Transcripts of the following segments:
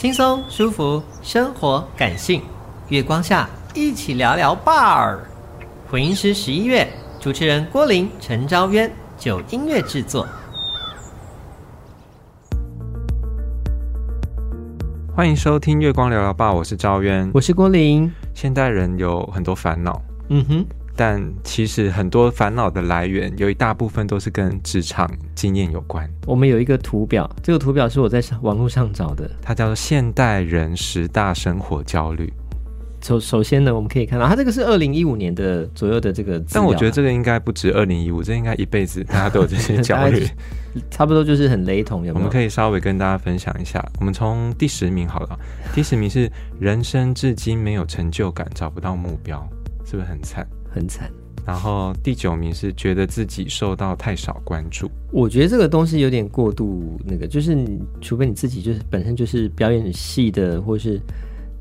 輕鬆舒服，生活感性，月光下一起聊聊 BAR。混音師十一月，主持人郭霖、陳昭淵，九音樂製作。歡迎收聽《月光聊聊 BAR》，我是昭淵，我是郭霖。現代人有很多煩惱，嗯哼。但其實很多煩惱的來源有一大部分都是跟職場經驗有關。我們有一個圖表，這個圖表是我在網絡上找的，它叫《現代人十大生活焦慮》。首首先呢，我們可以看到，它這個是二零一五年的左右的這個。但我覺得這個應該不止二零一五，這應該一輩子大家都有這些焦慮， 差不多就是很雷同有沒有。我們可以稍微跟大家分享一下，我們從第十名好了，第十名是人生至今沒有成就感，找不到目標，是不是很慘？很慘。然後第九名是覺得自己受到太少關注。我覺得這個東西有點過度，那個就是你除非你自己就是本身就是表演系的，或是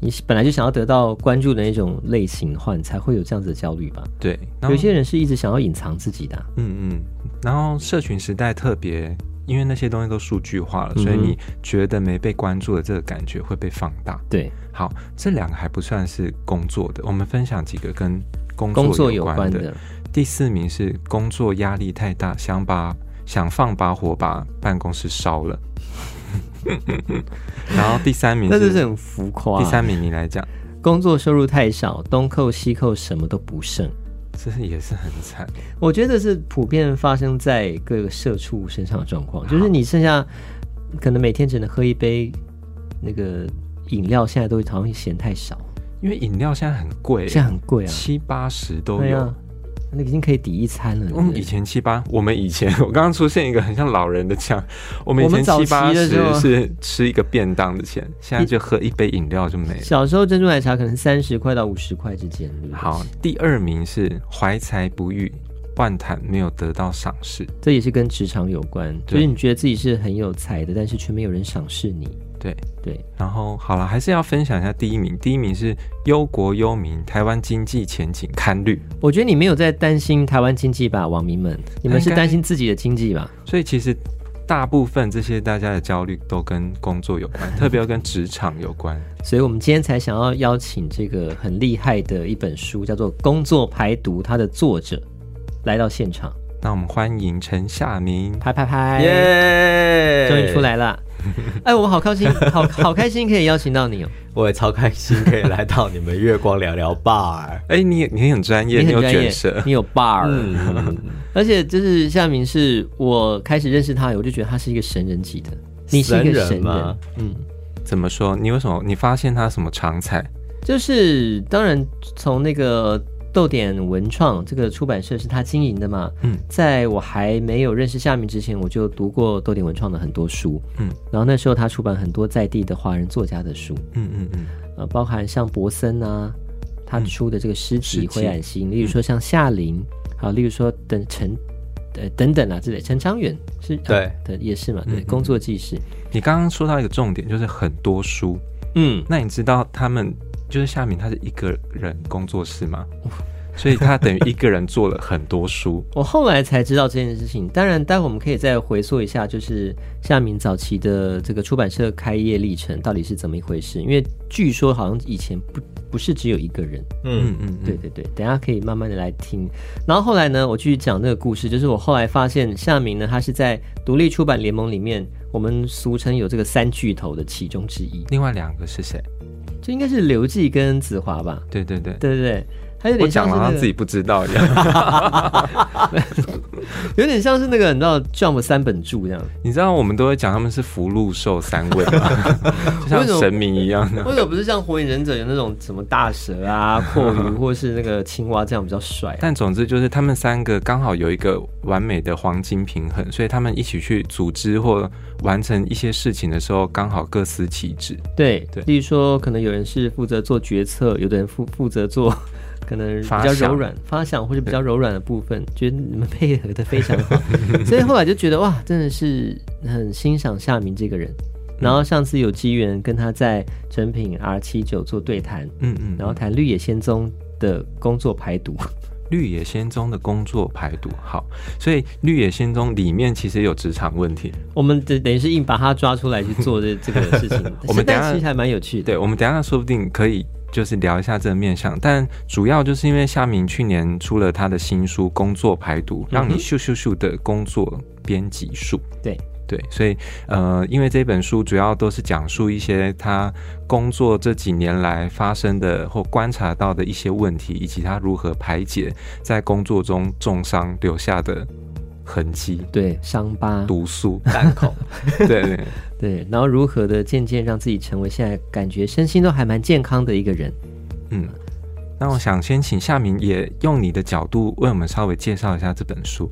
你本來就想要得到關注的那種類型的話，你才會有這樣子的焦慮吧？對，有些人是一直想要隱藏自己的、啊。嗯嗯。然後社群時代特別，因為那些東西都數據化了、嗯，所以你覺得沒被關注的這個感覺會被放大。對。好，這兩個還不算是工作的。我們分享幾個跟。工作，工作有關的，第四名是工作壓力太大，想把想放把火把辦公室燒了。 然後第三名， 那就是很浮誇。第三名，你來講，工作收入太少，東扣西扣，什麼都不剩，這也是很慘。 我覺得是普遍發生在各個社畜身上的狀況，就是你剩下可能每天只能喝一杯那個飲料，現在都好像嫌太少。因為飲料現在很貴，現在很貴啊，七八十都有，哎，那已經可以抵一餐了，對對。我、嗯、們以前七八，我們以前，我剛剛出現一個很像老人的，講我們以前七八十是吃一個便當的錢，的現在就喝一杯飲料就沒了。小時候珍珠奶茶可能三十塊到五十塊之間。好，第二名是懷才不遇，萬談沒有得到賞識，這也是跟職場有關。所以，就是，你覺得自己是很有才的，但是卻沒有人賞識你。對對，然後好了，還是要分享一下第一名。第一名是《憂國憂民：台灣經濟前景堪慮》。我覺得你沒有在擔心台灣經濟吧，網民們？你們是擔心自己的經濟吧？所以其實大部分這些大家的焦慮都跟工作有關，嗯、特別跟職場有關。所以我們今天才想要邀請這個很厲害的一本書，叫做《工作排毒》，它的作者來到現場。那我們歡迎陳夏民，拍拍拍，耶、yeah!！終於出來了。哎，我好開心，好好開心可以邀請到你哦！我也超開心可以來到你們月光聊聊 bar。哎，你你很專業，你很專業你有，你有 bar。嗯、 而且就是夏民，是我開始認識他，我就覺得他是一個神人級的。你是一個神人，嗯，怎麼說？你為什麼？你發現他什麼長才？就是當然從那個。逗點文創這個出版社是他經營的嘛。嗯，在我還沒有認識夏民之前，我就讀過逗點文創的很多書。嗯，然後那時候他出版很多在地的華人作家的書。嗯嗯嗯、啊，包含像博森啊，他出的這個詩集《灰、嗯、矮星》，例如說像夏林，好、嗯啊，例如說等陳呃等等啊之類，陳昌遠是，對的、啊、也是嘛、嗯，對，工作記事。你剛剛說到一個重點，就是很多書。嗯，那你知道他們？就是夏民，他是一個人工作室嗎？ 所以他等於一個人做了很多書。我後來才知道這件事情。當然，待會我們可以再回溯一下，就是夏民早期的這個出版社開業歷程到底是怎麼一回事？因為據說好像以前不不是只有一個人。嗯嗯，對對對，等下可以慢慢的來聽。然後後來呢，我繼續講那個故事，就是我後來發現夏民呢，他是在獨立出版聯盟裡面，我們俗稱有這個三巨頭的其中之一。另外兩個是誰？這應該是劉季跟子華吧？對對對，對對對。他講了，他自己不知道一樣 有點像是那個你知道 Jump 三本柱這樣。你知道我們都會講他們是福祿壽三位嗎 就像神明一樣的。或者不是像火影忍者有那種什麼大蛇啊、蛞 蝓或是那個青蛙這樣比較帥、啊。但總之就是他們三個剛好有一個完美的黃金平衡，所以他們一起去組織或完成一些事情的時候，剛好各司其職。對對，例如說可能有人是負責做決策，有的人負負責做。可能比較柔軟，發想，或者比較柔軟的部分，覺得你們配合的非常好， 所以後來就覺得哇，真的是很欣賞夏民這個人。然後上次有機緣跟他在誠品 R 七九做對談，嗯，嗯嗯，然後談綠野仙蹤的工作排毒，綠野仙蹤的工作排毒，好，所以綠野仙蹤裡面其實有職場問題，我們等等於是硬把他抓出來去做這這個事情， 我們等下其實還蠻有趣的，對我們等一下說不定可以。就是聊一下這個面相，但主要就是因為夏民去年出了他的新書《工作排毒》，讓你咻咻咻的工作編輯術。對對，所以呃、嗯，因為這本書主要都是講述一些他工作這幾年來發生的或觀察到的一些問題，以及他如何排解在工作中重傷留下的痕跡。對，傷疤、毒素、乾口 對對，對，然後如何的漸漸讓自己成為現在感覺身心都還蠻健康的一個人？嗯，那我想先請夏民也用你的角度為我們稍微介紹一下這本書《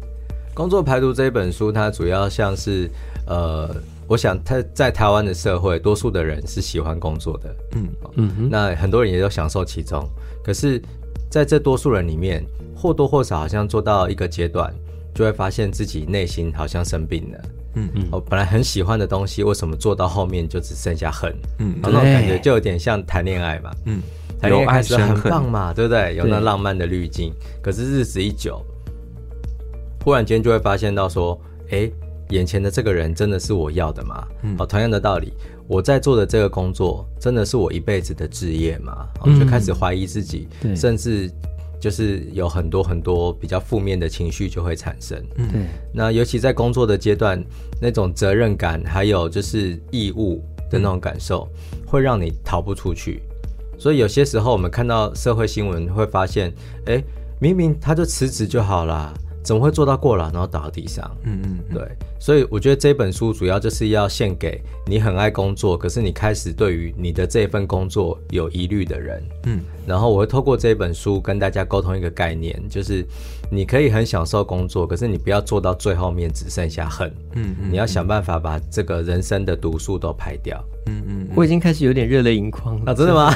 工作排毒》這一本書。它主要像是呃，我想他在台灣的社會，多數的人是喜歡工作的，嗯嗯，那很多人也都享受其中。可是在這多數人裡面，或多或少好像做到一個階段。就會發現自己內心好像生病了，嗯嗯，我、哦、本來很喜歡的東西，為什麼做到後面就只剩下恨？嗯，那種感覺就有點像談戀愛嘛，嗯，談戀愛是很棒嘛，對不對？有那浪漫的濾鏡，可是日子一久，忽然間就會發現到說，誒，眼前的這個人真的是我要的嗎？嗯、哦，同樣的道理，我在做的這個工作真的是我一輩子的職業嗎、哦？就開始懷疑自己，嗯、甚至。就是有很多很多比較負面的情緒就會產生，嗯，那尤其在工作的階段，那種責任感還有就是義務的那種感受、嗯，會讓你逃不出去。所以有些時候我們看到社會新聞，會發現，哎、欸，明明他就辭職就好啦。怎麼會做到過了，然後倒到地上？嗯嗯，對，所以我覺得這本書主要就是要獻給你很愛工作，可是你開始對於你的這份工作有疑慮的人。嗯，然後我會透過這本書跟大家溝通一個概念，就是你可以很享受工作，可是你不要做到最後面只剩下恨。嗯嗯，嗯，你要想辦法把這個人生的毒素都排掉。嗯嗯，嗯，嗯，我已經開始有點熱淚盈眶了。啊，真的嗎？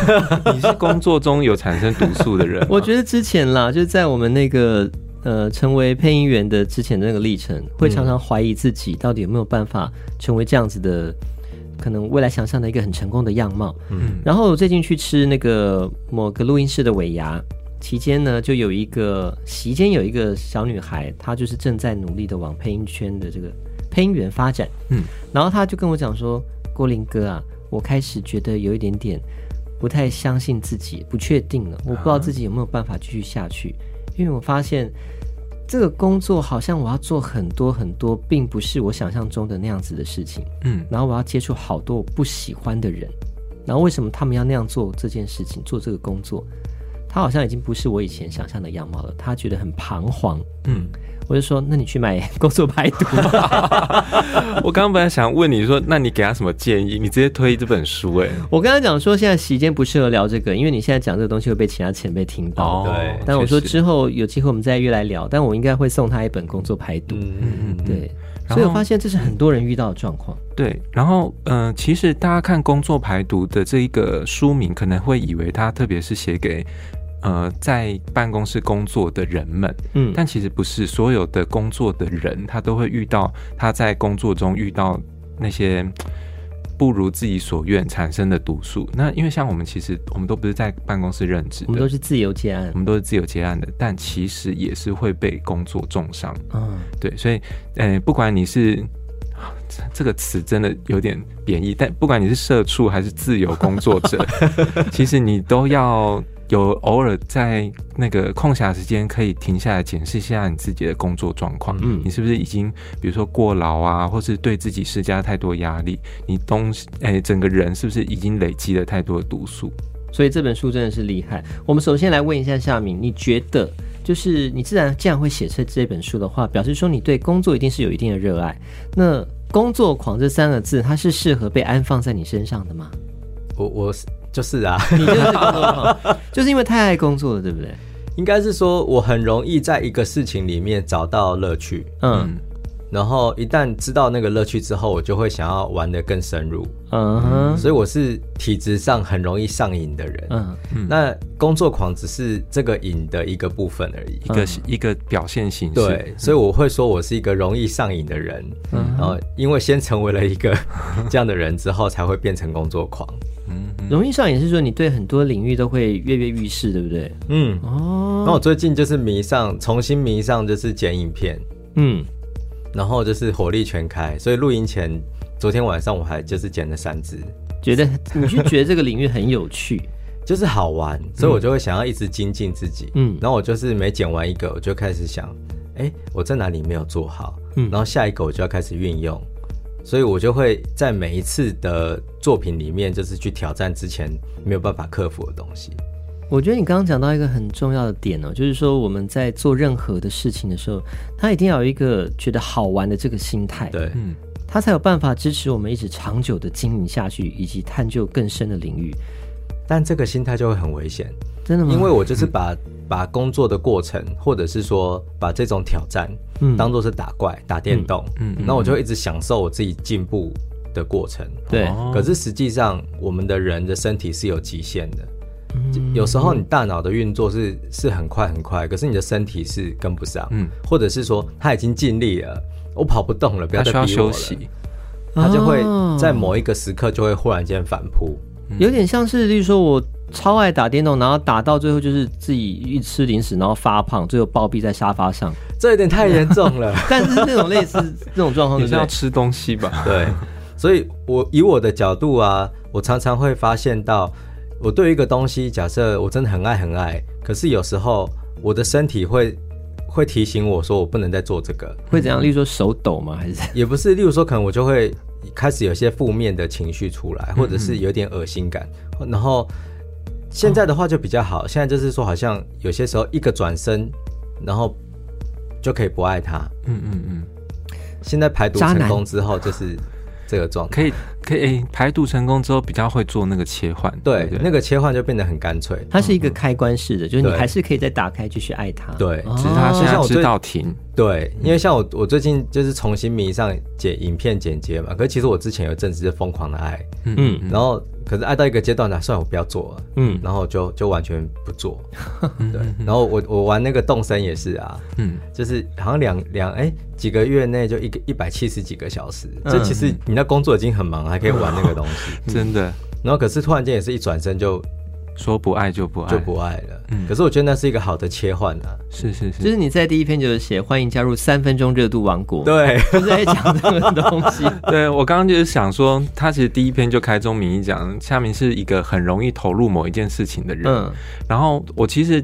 你是 工作中有產生毒素的人？ 我覺得之前啦，就在我們那個。呃，成為配音員的之前的那個歷程，會常常懷疑自己到底有沒有辦法成為這樣子的，嗯、可能未來想象的一個很成功的樣貌。嗯。然後我最近去吃那個某個錄音室的尾牙期間呢，就有一個席間有一個小女孩，她就是正在努力的往配音圈的這個配音員發展。嗯。然後她就跟我講說：“郭霖哥啊，我開始覺得有一點點不太相信自己，不確定了，我不知道自己有沒有辦法繼續下去。啊”因為我發現，這個工作好像我要做很多很多，並不是我想象中的那樣子的事情。嗯，然後我要接觸好多我不喜歡的人，然後為什麼他們要那樣做這件事情、做這個工作？他好像已經不是我以前想象的樣貌了，他覺得很彷徨。嗯。我就說，那你去買《工作排毒。》 我剛剛本來想問你說，那你給他什麼建議？你直接推這本書哎。我跟他講說，現在時間不適合聊這個，因為你現在講這個東西會被其他前輩聽到、哦。對。但我說之後有機會我們再約來聊，但我應該會送他一本《工作排毒》。嗯嗯，對。所以我發現這是很多人遇到的狀況。對，然後嗯、呃，其實大家看《工作排毒》的這一個書名，可能會以為他特別是寫給。呃，在辦公室工作的人們，嗯，但其實不是所有的工作的人，他都會遇到他在工作中遇到那些不如自己所願產生的毒素。那因為像我們，其實我們都不是在辦公室任職，我們都是自由接案，我們都是自由接案的，但其實也是會被工作重傷。嗯，對，所以，呃、不管你是、啊、這個詞真的有點貶義，但不管你是社畜還是自由工作者， 其實你都要。有偶爾在那個空暇時間，可以停下來檢視一下你自己的工作狀況。嗯，你是不是已經，比如說過勞啊，或是對自己施加太多壓力？你東西，哎、欸，整個人是不是已經累積了太多的毒素？所以這本書真的是厲害。我們首先來問一下夏民，你覺得就是你既然這樣會寫出這本書的話，表示說你對工作一定是有一定的熱愛。那工作狂這三個字，它是適合被安放在你身上的嗎？我我是。就是啊 你就是工作， 就是因為太愛工作了，對不對？應該是說我很容易在一個事情裡面找到樂趣，嗯。嗯然後一旦知道那個樂趣之後，我就會想要玩得更深入。嗯哼，所以我是體質上很容易上癮的人。嗯、uh -huh. 那工作狂只是這個癮的一個部分而已，一個一個表現形式。對，所以我會說我是一個容易上癮的人。Uh -huh. 然後因為先成為了一個這樣的人之後，才會變成工作狂。嗯、uh -huh.， 容易上癮是說你對很多領域都會躍躍欲試，對不對？嗯哦，那我最近就是迷上，重新迷上就是剪影片。嗯、uh -huh.。然後就是火力全開，所以錄音前，昨天晚上我還就是剪了三支，覺得你就覺得這個領域很有趣， 就是好玩，所以我就會想要一直精進自己。嗯，然後我就是每剪完一個，我就開始想，哎，我在哪裡沒有做好？嗯，然後下一個我就要開始運用，所以我就會在每一次的作品裡面，就是去挑戰之前沒有辦法克服的東西。我覺得你剛剛講到一個很重要的點哦，就是說我們在做任何的事情的時候，他一定要有一個覺得好玩的這個心態，對，嗯，他才有辦法支持我們一直長久的經營下去，以及探究更深的領域。但這個心態就會很危險，真的嗎？因為我就是把 把工作的過程，或者是說把這種挑戰，嗯，當做是打怪、打電動，嗯，那、嗯嗯、我就一直享受我自己進步的過程，嗯、對。可是實際上，我們的人的身體是有極限的。嗯、有時候你大腦的運作是是很快很快，可是你的身體是跟不上，嗯，或者是說他已經盡力了，我跑不動了，不要去逼我了，他需要休息，他就會在某一個時刻就會忽然間反撲、啊嗯，有點像是例如說我超愛打電動，然後打到最後就是自己一吃零食，然後發胖，最後暴斃在沙發上，嗯、這有點太嚴重了， 但是那種類似 這種狀況就是要吃東西吧，對，所以我以我的角度啊，我常常會發現到。我對一個東西，假設我真的很愛很愛，可是有時候我的身體會會提醒我說，我不能再做這個。會怎樣？例如說手抖嗎？還是也不是？例如說，可能我就會開始有些負面的情緒出來，或者是有點噁心感。嗯、然後現在的話就比較好，哦、現在就是說，好像有些時候一個轉身，然後就可以不愛他。嗯嗯嗯。現在排毒成功之後，就是。這個狀態可以可以、欸、排毒成功之後，比較會做那個切換，對，對，對，那個切換就變得很乾脆。它是一個開關式的嗯嗯，就是你還是可以再打開繼續愛它。對，只是他現在知道停。哦、對，對，因為像我、嗯，我最近就是重新迷上剪影片剪接嘛，可是其實我之前有一陣子瘋狂的愛，嗯，嗯，嗯，嗯，然後。可是愛到一個階段呢，算我不要做了，嗯，然後就就完全不做， 對，然後我我玩那個動森也是啊，嗯，就是好像兩兩哎幾個月內就一個一百七十幾個小時，這、嗯、其實你那工作已經很忙，還可以玩那個東西，嗯嗯，真的。然後可是突然間也是一轉身就。說不愛就不愛就不愛了。嗯，可是我覺得那是一個好的切換、啊、是是是，就是你在第一篇就是寫歡迎加入三分鐘熱度王國，對，不、就是在講這個東西。 對我剛剛就是想說，他其實第一篇就開宗明義講，夏民是一個很容易投入某一件事情的人。嗯、然後我其實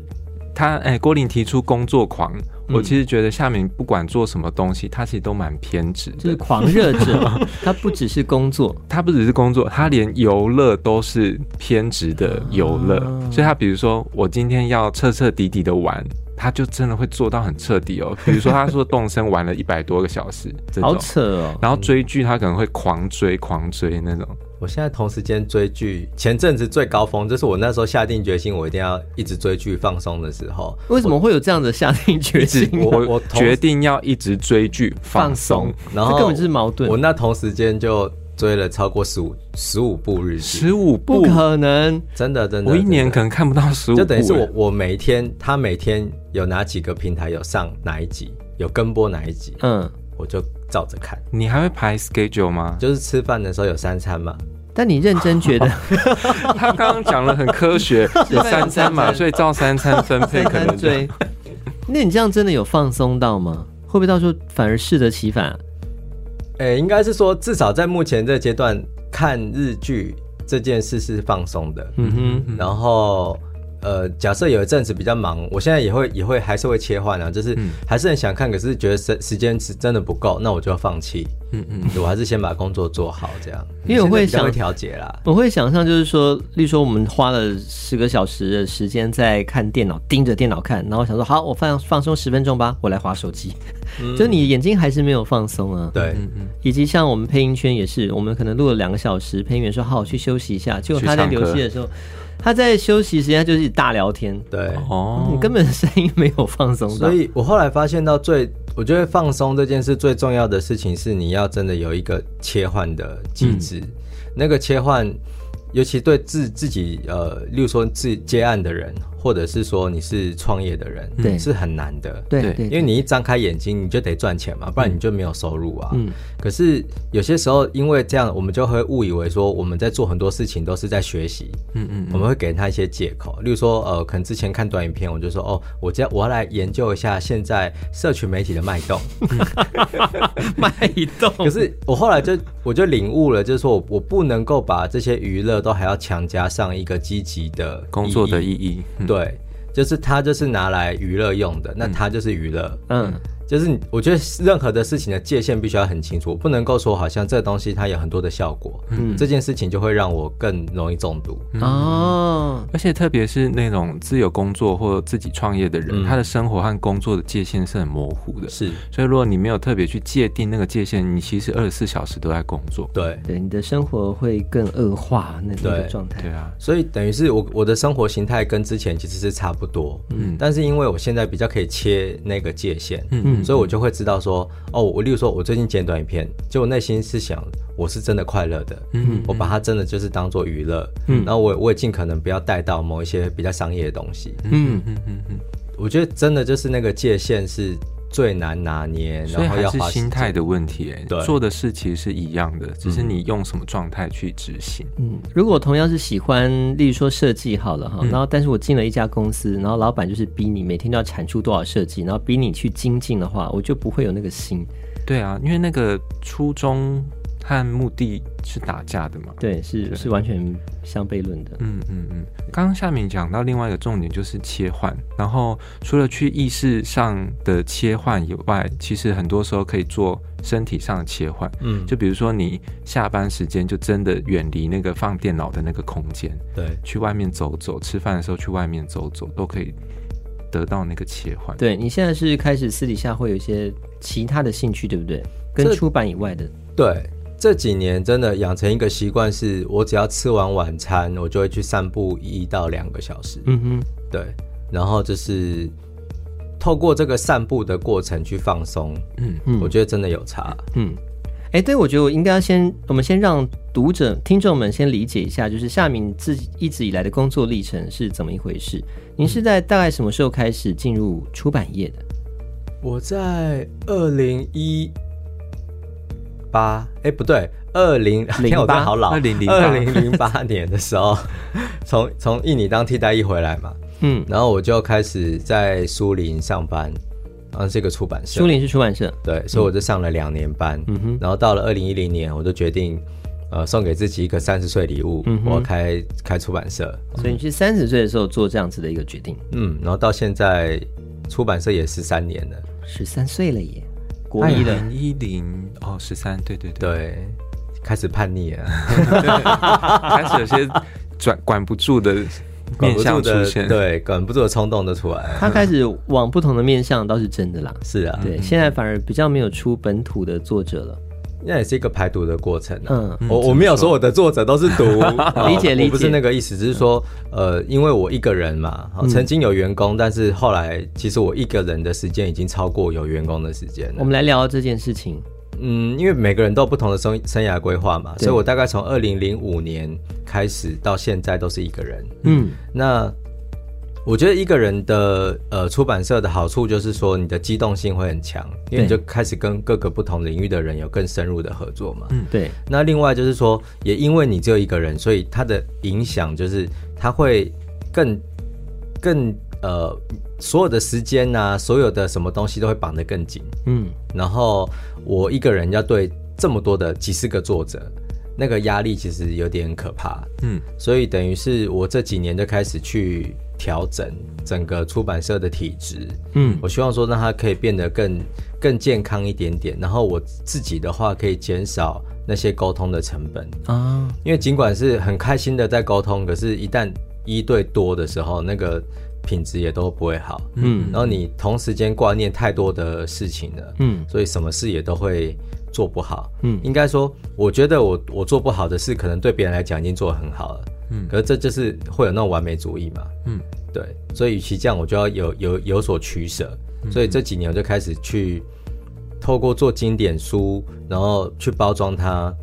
他哎、欸，郭霖提出工作狂。我其實覺得夏民不管做什麼東西，他其實都蠻偏執的、嗯，就是狂熱者。 他不只是工作， 他不只是工作，他連遊樂都是偏執的遊樂、啊。所以，他比如說，我今天要徹徹底底的玩。他就真的會做到很徹底哦，比如說，他說動身玩了一百多個小時， 好扯哦。然後追劇他可能會狂追狂追那種。我現在同時間追劇，前陣子最高峰就是我那時候下定決心，我一定要一直追劇放鬆的時候。為什麼會有這樣的下定決心？我我，我決定要一直追劇放鬆，放鬆，然後根本就是矛盾。我那同時間就。追了超過十五十五部日劇，十五不可能真的真的，我一年可能看不到十五部，就等於是我我每一天他每天有哪幾個平台有上哪一集，有跟播哪一集，嗯，我就照着看。你還會排 schedule 嗎？就是吃飯的時候有三餐嗎、嗯？但你認真覺得 ，他剛剛講了很科學， 有三餐嘛，所以照三餐分配可能對。 那你這樣真的有放鬆到嗎？會不會到時候反而適得其反、啊？哎、欸，應該是說，至少在目前這個階段，看日劇這件事是放鬆的，嗯。嗯哼，然後。呃，假設有一陣子比較忙，我現在也會也會還是會切換啊，就是還是很想看，可是覺得時時間是真的不夠，那我就要放棄。嗯嗯，我還是先把工作做好，這樣。因為我會想調節啦，我會想象就是說，例如說我們花了十個小時的時間在看電腦，盯着電腦看，然後想說好，我放放鬆十分鐘吧，我來滑手機。 就你眼睛還是沒有放鬆啊？對嗯嗯，以及像我們配音圈也是，我們可能錄了兩個小時，配音員說好，我去休息一下，結果他在遊戲的時候。他在休息時間就是大聊天，對，哦，你、嗯、根本聲音沒有放鬆，所以我後來發現到最，我覺得放鬆這件事最重要的事情是你要真的有一個切換的機制、嗯，那個切換，尤其對自自己，呃，例如說自接案的人，或者是說你是創業的人，對、嗯，是很難的，對對，因為你一張開眼睛你就得賺錢嘛，不然你就沒有收入啊，嗯。嗯可是有些時候，因為這樣，我們就會誤以為說我們在做很多事情都是在學習。嗯，嗯嗯，我們會給他一些借口，例如說，呃，可能之前看短影片，我就說，哦，我這我要來研究一下現在社群媒體的脈動。脈動。可是我後來就我就領悟了，就是說我不能夠把這些娛樂都還要強加上一個積極的工作的意義，嗯。對，就是它就是拿來娛樂用的，嗯，那它就是娛樂。嗯。嗯就是我覺得任何的事情的界限，必須要很清楚，不能夠說好像這東西它有很多的效果，嗯，這件事情就會讓我更容易中毒、嗯、哦。而且特別是那種自由工作或自己創業的人、嗯，他的生活和工作的界限是很模糊的，是。所以如果你沒有特別去界定那個界限，你其實二十四小時都在工作，對對，你的生活會更惡化那種的狀態，對啊。所以等於是我我的生活形態跟之前其實是差不多，嗯，但是因為我現在比較可以切那個界限，嗯。嗯所以我就會知道說，哦，我例如說，我最近剪短影片，就我內心是想，我是真的快樂的，嗯，我把它真的就是當做娛樂，嗯，然後我我也盡可能不要帶到某一些比較商業的東西，嗯嗯嗯嗯，我覺得真的就是那個界限是。最難拿捏，然後要還是心態的問題、欸。對，做的事其實是一樣的，只是你用什麼狀態去執行。嗯，如果同樣是喜歡，例如說設計好了哈、嗯，然後但是我進了一家公司，然後老闆就是逼你每天都要產出多少設計，然後逼你去精進的話，我就不會有那個心。對啊，因為那個初衷和目的是打架的嘛。對，是對是完全相悖論的。嗯嗯嗯。剛剛下面講到另外一個重點就是切換，然後除了去意識上的切換以外，其實很多時候可以做身體上的切換。嗯，就比如說你下班時間就真的遠離那個放電腦的那個空間，對，去外面走走，吃飯的時候去外面走走，都可以得到那個切換。對，你現在是開始私底下會有一些其他的興趣，對不對？跟出版以外的，對。這幾年真的養成一個習慣，是我只要吃完晚餐，我就會去散步一到兩個小時。嗯哼，對，然後就是透過這個散步的過程去放鬆。嗯嗯，我覺得真的有差。嗯，哎、欸，對，我覺得我應該要先，我們先讓讀者、聽眾們先理解一下，就是夏民自己一直以來的工作歷程是怎麼一回事。您是在大概什麼時候開始進入出版業的？我在二零一八、欸、哎不對，二零你看我真好老，二零零八年的時候，從從印尼當替代役回來嘛，嗯，然後我就開始在書林上班，啊，這個出版社。書林是出版社，對，所以我就上了兩年班，嗯哼，然後到了二零一零年，我就決定、呃、送給自己一個三十歲禮物，我要開開出版社。嗯、所以你是三十歲的時候做這樣子的一個決定，嗯，然後到現在出版社也十三年了，十三歲了耶。二零一零哦，十三，對對對，對，開始叛逆了， 開始有些管管不住的面向出現，對，管不住的衝動的出來，他開始往不同的面向，倒是真的啦， 是啊，對，嗯嗯，現在反而比較沒有出本土的作者了。那也是一個排毒的過程、啊、嗯，我我沒有說我的作者都是毒，理、嗯、解、啊、 理解，理解。不是那個意思，只、就是說，呃，因為我一個人嘛、嗯，曾經有員工，但是後來其實我一個人的時間已經超過有員工的時間了。我們來聊這件事情。嗯，因為每個人都有不同的生生涯規劃嘛，所以我大概從二零零五年開始到現在都是一個人。嗯，那。我覺得一個人的呃出版社的好處就是說，你的機動性會很強，因為你就開始跟各個不同領域的人有更深入的合作嘛。嗯，對。那另外就是說，也因為你只有一個人，所以他的影響就是他會更更呃，所有的時間吶、啊，所有的什麼東西都會綁得更緊。嗯。然後我一個人要對這麼多的幾十個作者。那個壓力其實有點可怕。嗯，所以等於是我這幾年就開始去調整整個出版社的體質，嗯，我希望說讓它可以變得更更健康一點點，然後我自己的話可以減少那些溝通的成本啊，哦，因為儘管是很開心的在溝通，可是一旦一對多的時候，那個。品質也都不會好，嗯，然後你同時間掛念太多的事情了，嗯，所以什麼事也都會做不好，嗯，應該說，我覺得我我做不好的事，可能對別人來講已經做得很好了，嗯，可是這就是會有那種完美主義嘛，嗯，對，所以與其這樣，我就要有有有所取捨，所以這幾年我就開始去透過做經典書，然後去包裝它，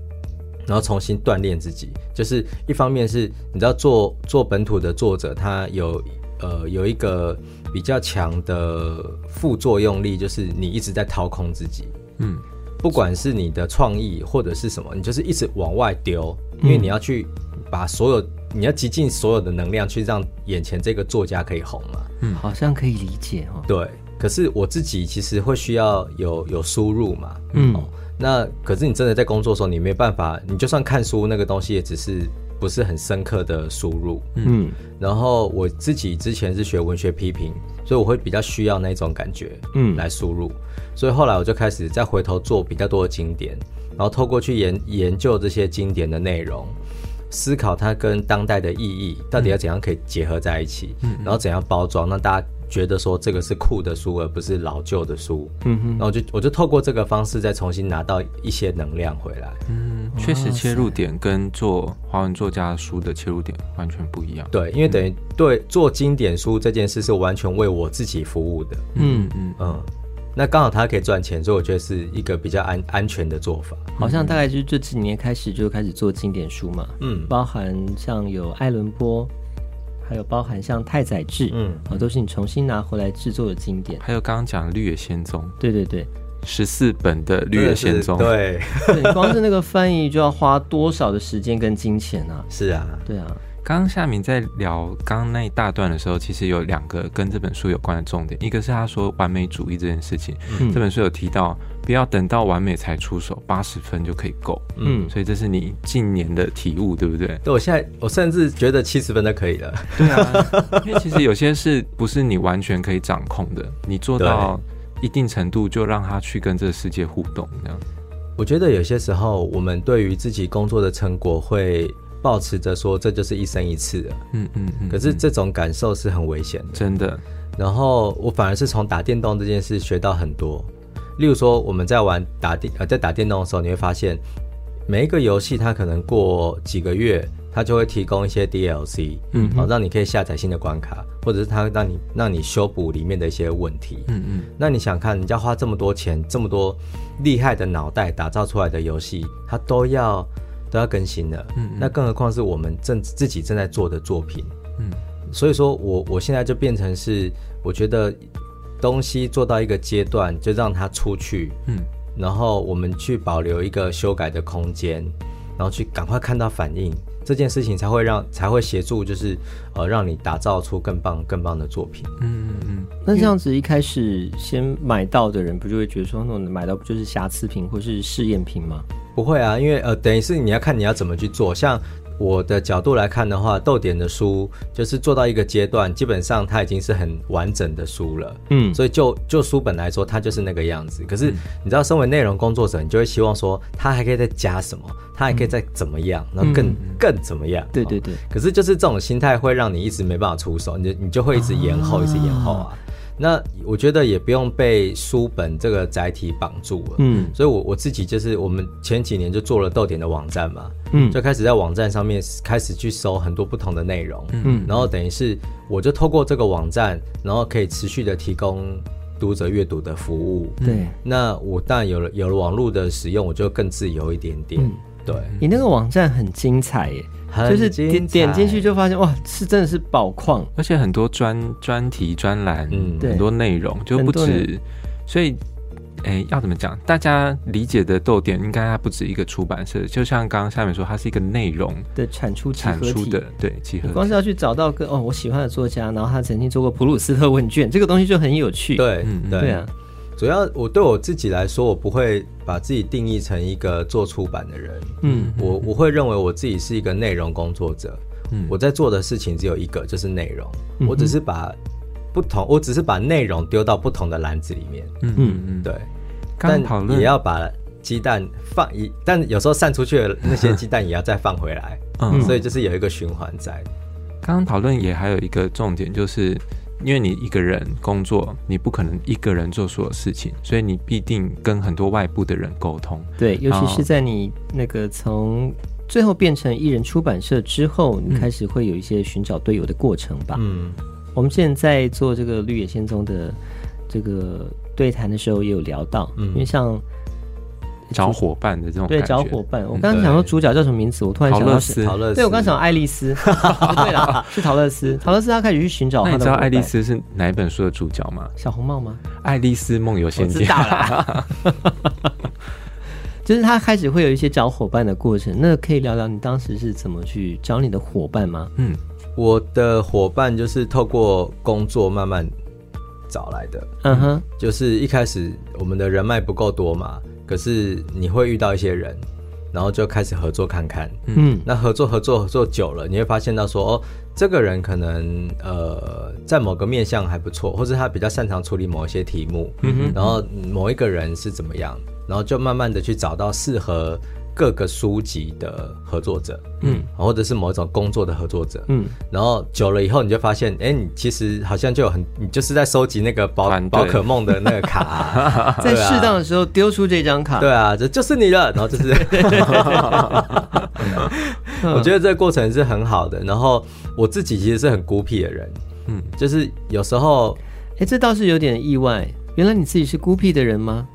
然後重新鍛鍊自己，就是一方面是，你知道做做本土的作者，他有。呃，有一個比較強的副作用力，就是你一直在掏空自己。嗯，不管是你的創意，或者是什麼，你就是一直往外丟，嗯，因為你要去把所有，你要極盡所有的能量去讓眼前這個作家可以紅嘛。嗯，好像可以理解哦。對，可是我自己其實會需要有有輸入嘛。嗯、哦，那可是你真的在工作的時候，你沒辦法，你就算看書那個東西，也只是。不是很深刻的輸入，嗯，然後我自己之前是學文學批評，所以我會比較需要那種感覺，嗯，來輸入，嗯，所以後來我就開始再回頭做比較多的經典，然後透過去研研究這些經典的內容，思考它跟當代的意義到底要怎樣可以結合在一起，嗯，然後怎樣包裝，讓大家。覺得說這個是酷的書，而不是老舊的書。嗯哼，然後我就我就透過這個方式再重新拿到一些能量回來。嗯，確實切入點跟做華文作家書的切入點完全不一樣。對，因為等於、嗯、對，做經典書這件事是完全為我自己服務的。嗯嗯嗯，那剛好它可以賺錢，所以我覺得是一個比較安安全的做法嗯嗯。好像大概就是這幾年開始就開始做經典書嘛。嗯，包含像有愛倫坡。還有包含像太宰治，嗯，啊、哦，都是你重新拿回來製作的經典。還有剛剛講《綠野仙蹤》，對對對，十四本的綠《綠野仙蹤》，對， 對你光是那個翻譯就要花多少的時間跟金錢呢、啊？是啊，對啊。剛剛夏民在聊剛剛那一大段的時候，其實有兩個跟這本書有關的重點，一個是他說完美主義這件事情，嗯、這本書有提到。不要等到完美才出手，八十分就可以夠。嗯，所以這是你近年的體悟，對不對？對，我現在我甚至覺得七十分都可以了。對啊， 因為其實有些事不是你完全可以掌控的，你做到一定程度就讓他去跟這個世界互動。這樣，我覺得有些時候我們對於自己工作的成果會抱持着說這就是一生一次的。嗯嗯嗯。可是這種感受是很危險的，真的。然後我反而是從打電動這件事學到很多。例如說，我們在玩打電呃，在打電動的時候，你會發現每一個遊戲，它可能過幾個月，它就會提供一些 DLC，嗯，嗯，好、哦，讓你可以下載新的關卡，或者是它會讓你讓你修補裡面的一些問題，嗯嗯。那你想看，人家花這麼多錢，這麼多厲害的腦袋打造出來的遊戲，它都要都要更新了，嗯，嗯，那更何況是我們正自己正在做的作品，嗯，所以說我我現在就變成是，我覺得。東西做到一個階段，就讓他出去，嗯，然後我們去保留一個修改的空間，然後去趕快看到反應，這件事情才會讓才會協助，就是呃，讓你打造出更棒更棒的作品。嗯嗯，嗯，那這樣子一開始先買到的人，不就會覺得說那種買到不就是瑕疵品或是試驗品嗎？不會啊，因為呃，等於是你要看你要怎麼去做，像。我的角度來看的話，逗點的書就是做到一個階段，基本上它已經是很完整的書了，嗯，所以就就書本來說，它就是那個樣子。可是你知道，身為內容工作者，你就會希望說，它還可以再加什麼，它還可以再怎麼樣，那更、嗯、更怎麼樣？嗯、對對對、哦。可是就是這種心態會讓你一直沒辦法出手，你就你就會一直延後，啊、一直延後啊。那我覺得也不用被書本這個載體綁住了，嗯，所以我，我我自己就是，我們前幾年就做了逗點的網站嘛，嗯，就開始在網站上面開始去搜很多不同的內容，嗯，然後等於是我就透過這個網站，然後可以持續的提供讀者閱讀的服務，對、嗯。那我當然有了有了網絡的使用，我就更自由一點點，嗯、對。你那個網站很精彩耶。就是點點進去就發現哇，是真的是寶礦，而且很多專專題專欄，嗯，很多內容就不止，所以，哎、欸，要怎麼講？大家理解的逗點應該還不止一個出版社，就像剛剛下面說，它是一個內容的產出產出的對集合。光是要去找到個哦，我喜歡的作家，然後他曾經做過普魯斯特問卷，這個東西就很有趣，對，嗯，對啊。主要我對我自己來說，我不會把自己定義成一個做出版的人，嗯，嗯，我我會認為我自己是一個內容工作者，嗯，我在做的事情只有一個，就是內容，嗯，我只是把不同，我只是把內容丟到不同的籃子裡面，嗯嗯，嗯，對，但也要把雞蛋放一，但有時候散出去的那些雞蛋也要再放回來，啊嗯，所以就是有一個循環在。剛剛討論也還有一個重點就是。因為你一個人工作，你不可能一個人做所有事情，所以你必定跟很多外部的人溝通。對，尤其是在你那個從最後變成一人出版社之後，你開始會有一些尋找隊友的過程吧。嗯，我們現在在做這個綠野仙蹤的這個對談的時候，也有聊到，嗯，因為像。找夥伴的這種感覺。對，找夥伴，我剛剛想說主角叫什麼名字，嗯、我突然想到是陶樂斯。對，我剛想到愛麗絲， 對了，是陶樂斯。陶樂斯他開始去尋找夥伴。那你知道愛麗絲是哪一本書的主角嗎？小紅帽嗎？愛麗絲夢遊仙境。知道了。 就是他開始會有一些找夥伴的過程。那可以聊聊你當時是怎麼去找你的夥伴嗎？嗯，我的伙伴就是透過工作慢慢找來的。嗯哼、嗯，就是一開始我們的人脈不夠多嘛。可是你會遇到一些人，然後就開始合作看看，嗯，那合作合作合作久了，你會發現到說，哦，這個人可能呃，在某個面向還不錯，或者他比較擅長處理某一些題目，嗯哼，然後某一個人是怎麼樣，然後就慢慢的去找到適合。各個書籍的合作者，嗯，或者是某一種工作的合作者，嗯，然後久了以後，你就發現，哎，你其實好像就有很，你就是在收集那個寶寶可夢的那個卡，啊， 在適當的時候丟出這張卡，對啊，這就，就是你了，然後就是， 我覺得這個過程是很好的。然後我自己其實是很孤僻的人，嗯，就是有時候，哎，這倒是有點意外，原來你自己是孤僻的人嗎？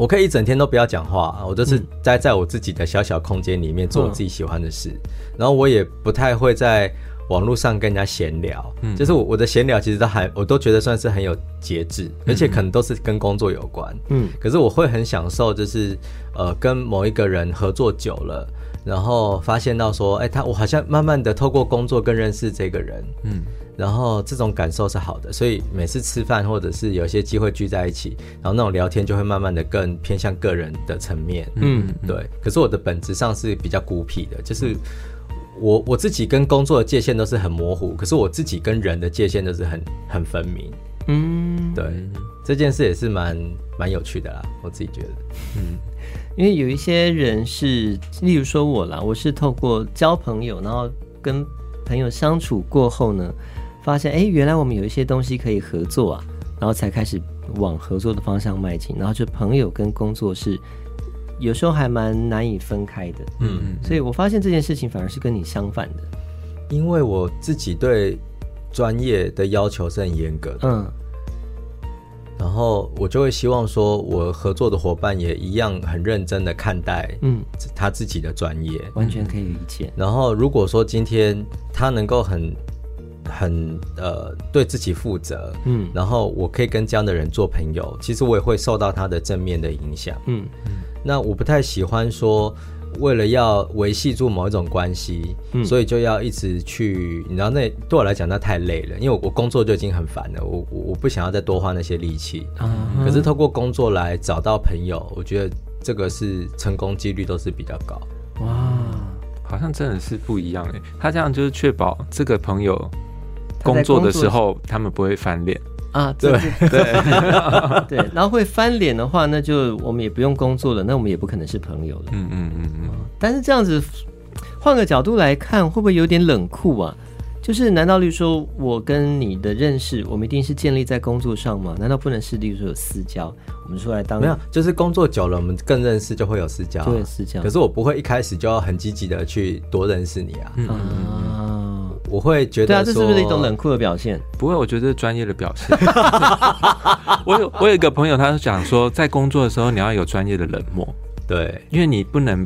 我可以一整天都不要講話啊，我都是待在我自己的小小空間裡面做我自己喜歡的事，嗯，然後我也不太會在網絡上跟人家閒聊，嗯，就是我我的閒聊其實都還我都覺得算是很有節制，嗯，而且可能都是跟工作有關，嗯，可是我會很享受就是呃跟某一個人合作久了。然後發現到說，哎、欸，他我好像慢慢的透過工作更認識這個人，嗯，然後這種感受是好的，所以每次吃飯或者是有一些機會聚在一起，然後那種聊天就會慢慢的更偏向個人的層面，嗯，對。可是我的本質上是比較孤僻的，就是我我自己跟工作的界限都是很模糊，可是我自己跟人的界限都是很很分明，嗯，對。這件事也是蠻蠻有趣的啦，我自己覺得。嗯。因為有一些人是，例如說我啦，我是透過交朋友，然後跟朋友相處過後呢，發現誒，原來我們有一些東西可以合作啊，然後才開始往合作的方向邁進。然後就朋友跟工作是有時候還蠻難以分開的。嗯，嗯，嗯。所以我發現這件事情反而是跟你相反的。因為我自己對專業的要求是很嚴格的。嗯。然後我就會希望說，我合作的夥伴也一樣很認真的看待，嗯，他自己的專業，完全可以理解。然後如果說今天他能夠很很呃對自己負責，嗯，然後我可以跟這樣的人做朋友，其實我也會受到他的正面的影響，嗯，嗯。那我不太喜歡說。為了要維繫住某一種關係，嗯，所以就要一直去，你知道那對我來講那太累了，因為我，我工作就已經很煩了，我我不想要再多花那些力氣，嗯。可是通過工作來找到朋友，我覺得這個是成功幾率都是比較高。哇，嗯、好像真的是不一樣哎，他這樣就是確保這個朋友工作的時候，他，在工作的時候他們不會翻臉。啊，對對對， 對，然後會翻臉的話，那就我們也不用工作了，那我們也不可能是朋友了。嗯嗯嗯嗯。但是這樣子換個角度來看，會不會有點冷酷啊？就是難道例如說我跟你的認識，我們一定是建立在工作上嗎？難道不能是例如說有私交？我們出來當沒有，就是工作久了，我們更認識就會有私交啊，對，私交。可是我不會一開始就要很積極的去多認識你啊。嗯，嗯，嗯，嗯。啊我會覺得、啊，這是不是一種冷酷的表現？不會，我覺得這是專業的表現。 我有我有一個朋友，他是講說，在工作的時候你要有專業的冷漠，對，因為你不能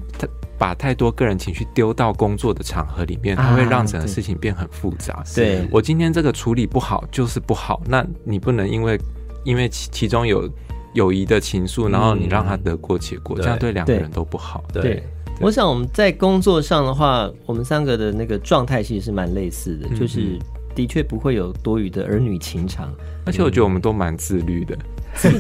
把太多個人情緒丟到工作的場合裡面、啊，它會讓整個事情變很複雜。對，我今天這個處理不好就是不好，那你不能因為因為其,其中有友誼的情愫，然後你讓他得過且過，嗯、這樣對兩個人都不好。對。對我想我們在工作上的話，我們三個的那個狀態其實是蠻類似的，嗯嗯，就是的確不會有多餘的兒女情長，嗯、而且我覺得我們都蠻自律的。 是是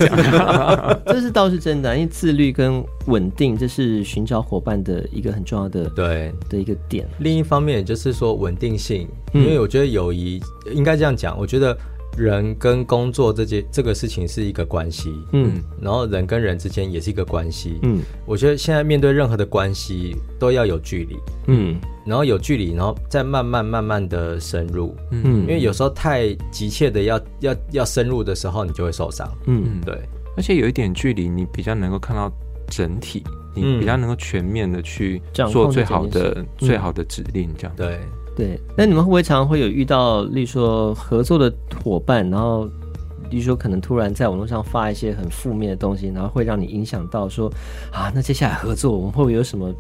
這是倒是真的、啊，因為自律跟穩定，這是尋找夥伴的一個很重要的對的一個點。另一方面也就是說穩定性、嗯，因為我覺得友誼應該這樣講，我覺得。人跟工作這件這個事情是一個關係，嗯，然後人跟人之間也是一個關係，嗯，我覺得現在面對任何的關係都要有距離，嗯，然後有距離，然後再慢慢慢慢的深入，嗯，因為有時候太急切的要要要深入的時候，你就會受傷，嗯，對，而且有一點距離，你比較能夠看到整體，嗯，你比較能夠全面的去做最好的最好的指令，這樣，嗯，對。對，那你們會不會常常會有遇到，例如說合作的夥伴，然後，例如說可能突然在網絡上發一些很負面的東西，然後會讓你影響到說，啊，那接下來合作我們會不會有什麼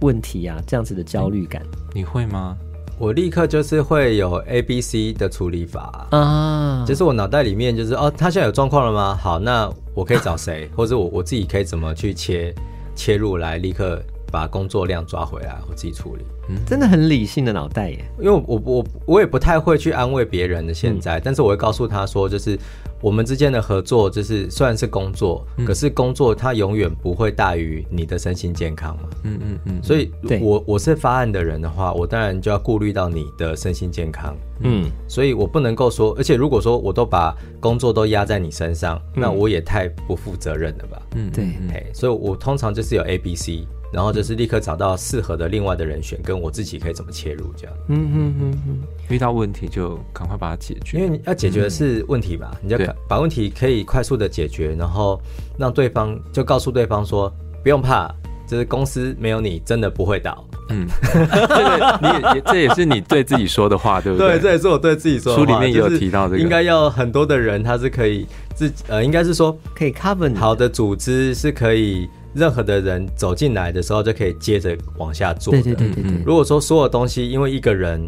問題啊？這樣子的焦慮感？欸，你會嗎？我立刻就是會有 A B C 的處理法啊，就是我腦袋裡面就是哦，他現在有狀況了嗎？好，那我可以找誰， 或者我我自己可以怎麼去切切入來立刻。把工作量抓回來，我自己處理。嗯，真的很理性的腦袋耶。因為我我我也不太會去安慰別人的現在、嗯，但是我會告訴他說，就是我們之間的合作，就是雖然是工作，嗯、可是工作它永遠不會大於你的身心健康嘛。嗯嗯嗯。所以，我我是發案的人的話，我當然就要顧慮到你的身心健康。嗯，所以我不能夠說，而且如果說我都把工作都壓在你身上、嗯，那我也太不負責任了吧？嗯，對。哎、嗯，Hey, 所以我通常就是有 A、B、C。然後就是立刻找到適合的另外的人選，跟我自己可以怎麼切入這樣。嗯嗯嗯嗯，遇到問題就趕快把它解決，因為你要解決的是問題嘛、嗯，你就把問題可以快速的解決，然後讓對方就告訴對方說，不用怕，這、就是公司沒有你真的不會倒。嗯，這 個你也這也是你對自己說的話，對不對？對，這也是我對自己說的話。書裡面也有提到的、這個就是、應該要很多的人他是可以自呃，應該是說可以 cover 好的組織是可以。任何的人走進來的時候，就可以接着往下做的。對、對、對、對。如果說所有東西因為一個人，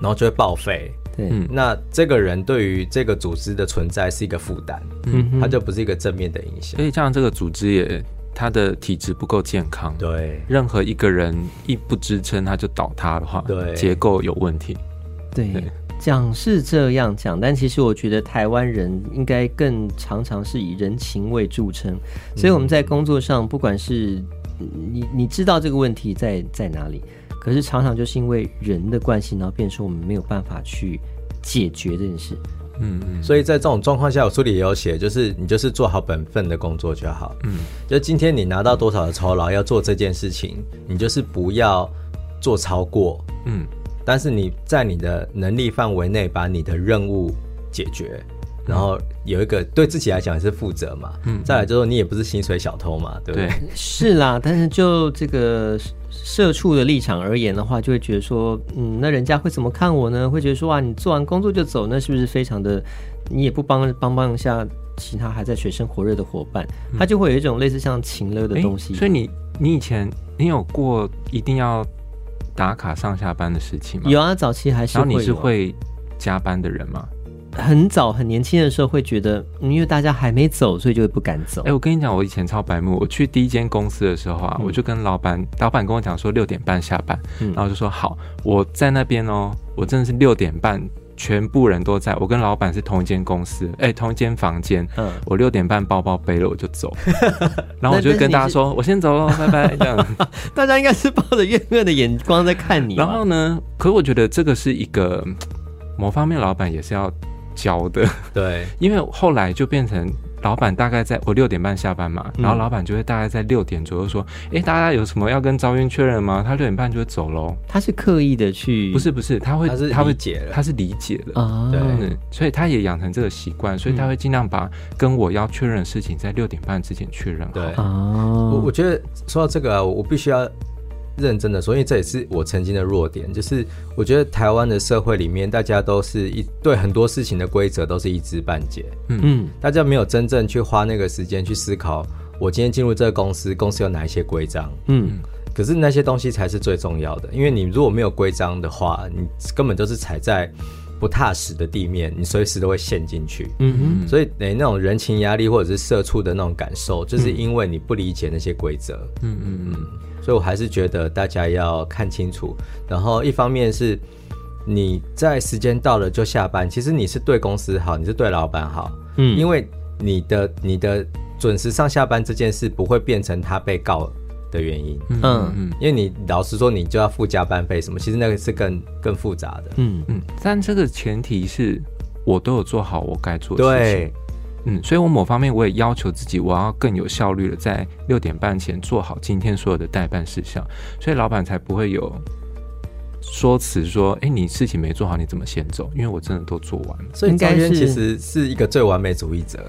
然後就會報廢。對，對。那這個人對於這個組織的存在是一個負擔。嗯。他就不是一個正面的影響。所以，這樣這個組織也他的體質不夠健康。對。任何一個人一不支撐，他就倒塌的話。對。結構有問題。對。對講是這樣講，但其實我覺得台灣人應該更常常是以人情味著稱，嗯，所以我們在工作上，不管是你你知道這個問題在在哪裡，可是常常就是因為人的關係，然後變成說我們沒有辦法去解決這件事。嗯嗯。所以在這種狀況下，我書裡也有寫，就是你就是做好本分的工作就好。嗯。就今天你拿到多少的酬勞，要做這件事情，你就是不要做超過。嗯。但是你在你的能力範圍內，把你的任務解決，嗯，然後有一個對自己來講也是負責嘛，嗯，嗯，再來就是你也不是薪水小偷嘛，嗯、對不對？是啦，但是就這個社畜的立場而言的話，就會覺得說，嗯，那人家會怎麼看我呢？會覺得說，哇，你做完工作就走，那是不是非常的？你也不幫幫幫一下其他還在水深火熱的夥伴，嗯，他就會有一種類似像情勒的東西。所以你你以前你有過一定要。打卡上下班的時期嗎？有啊，早期還是。然後你是會加班的人嗎？很早很年輕的時候會覺得，嗯、因為大家還沒走，所以就會不敢走。哎，我跟你講，我以前超白目，我去第一間公司的時候啊，嗯、我就跟老闆，老闆跟我講說六點半下班，嗯、然後就說好，我在那邊哦，我真的是六點半。全部人都在我跟老板是同一間公司，哎、欸，同一間房間。嗯，我六點半包包背了我就走， 然後我就跟大家說是是：“我先走了，拜拜。”這樣， 大家應該是抱着怨恨的眼光在看你。然後呢？可是我覺得這個是一個某方面老板也是要教的，對，因為後來就變成。老闆大概在，我六點半下班嘛，然後老闆就會大概在六點左右說：“哎、嗯，欸，大家有什麼要跟昭淵確認嗎？”他六點半就會走嘍。他是刻意的去？不是不是，他會他是理解了，他，他，他是理解了、哦對，對，所以他也養成這個習慣，所以他會盡量把跟我要確認的事情在六點半之前確認好、嗯。對，我我覺得說到這個、啊我，我必須要。認真的說，因為這也是我曾經的弱點，就是我覺得台灣的社會裡面，大家都是一對很多事情的規則都是一知半解，嗯嗯，大家沒有真正去花那個時間去思考，我今天進入這個公司，公司有哪一些規章，嗯，可是那些東西才是最重要的，因為你如果沒有規章的話，你根本就是踩在。不踏實的地面，你隨時都會陷進去。嗯哼、嗯嗯，所以誒、欸，那種人情壓力或者是社畜的那種感受，就是因為你不理解那些規則。嗯嗯，嗯，嗯，所以我還是覺得大家要看清楚。然後一方面是你在時間到了就下班，其實你是對公司好，你是對老闆好。嗯，因為你的你的準時上下班這件事不會變成他被告。的原因，嗯嗯，因為你老實說，你就要付加班費什麼，其實那個是更更複雜的，嗯嗯。但這個前提是我都有做好我該做的事情，對，嗯，所以我某方面我也要求自己，我要更有效率的在六點半前做好今天所有的代辦事項，所以老闆才不會有，說辭說，哎、欸，你事情沒做好，你怎麼先走？因為我真的都做完了。所以應該是，其實是一個最完美主義者，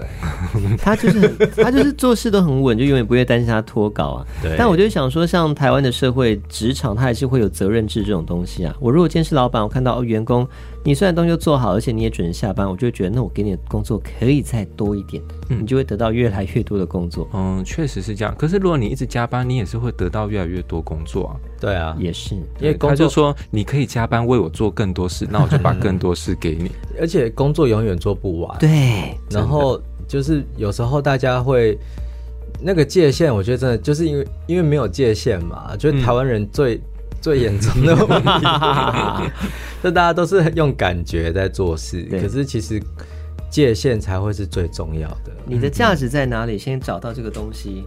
他就是他就是做事都很穩，就永遠不會擔心他脫稿啊，對。但我就想說，像台灣的社會職場，他還是會有責任制這種東西啊。我如果今天是老闆，我看到哦員工，你雖然東西都做好，而且你也準時下班，我就覺得那我給你的工作可以再多一點，嗯、你就會得到越來越多的工作，嗯，確實是這樣。可是如果你一直加班，你也是會得到越來越多工作啊。對啊，也是，嗯、因為工作他就說你可以加班為我做更多事，那我就把更多事給你， 而且工作永遠做不完。對，然後就是有時候大家會那個界限，我覺得真的就是因為因為沒有界限嘛，就是台灣人最。嗯最嚴重的問題，這大家都是用感覺在做事，可是其實界限才會是最重要的。你的價值在哪裡？先找到這個東西。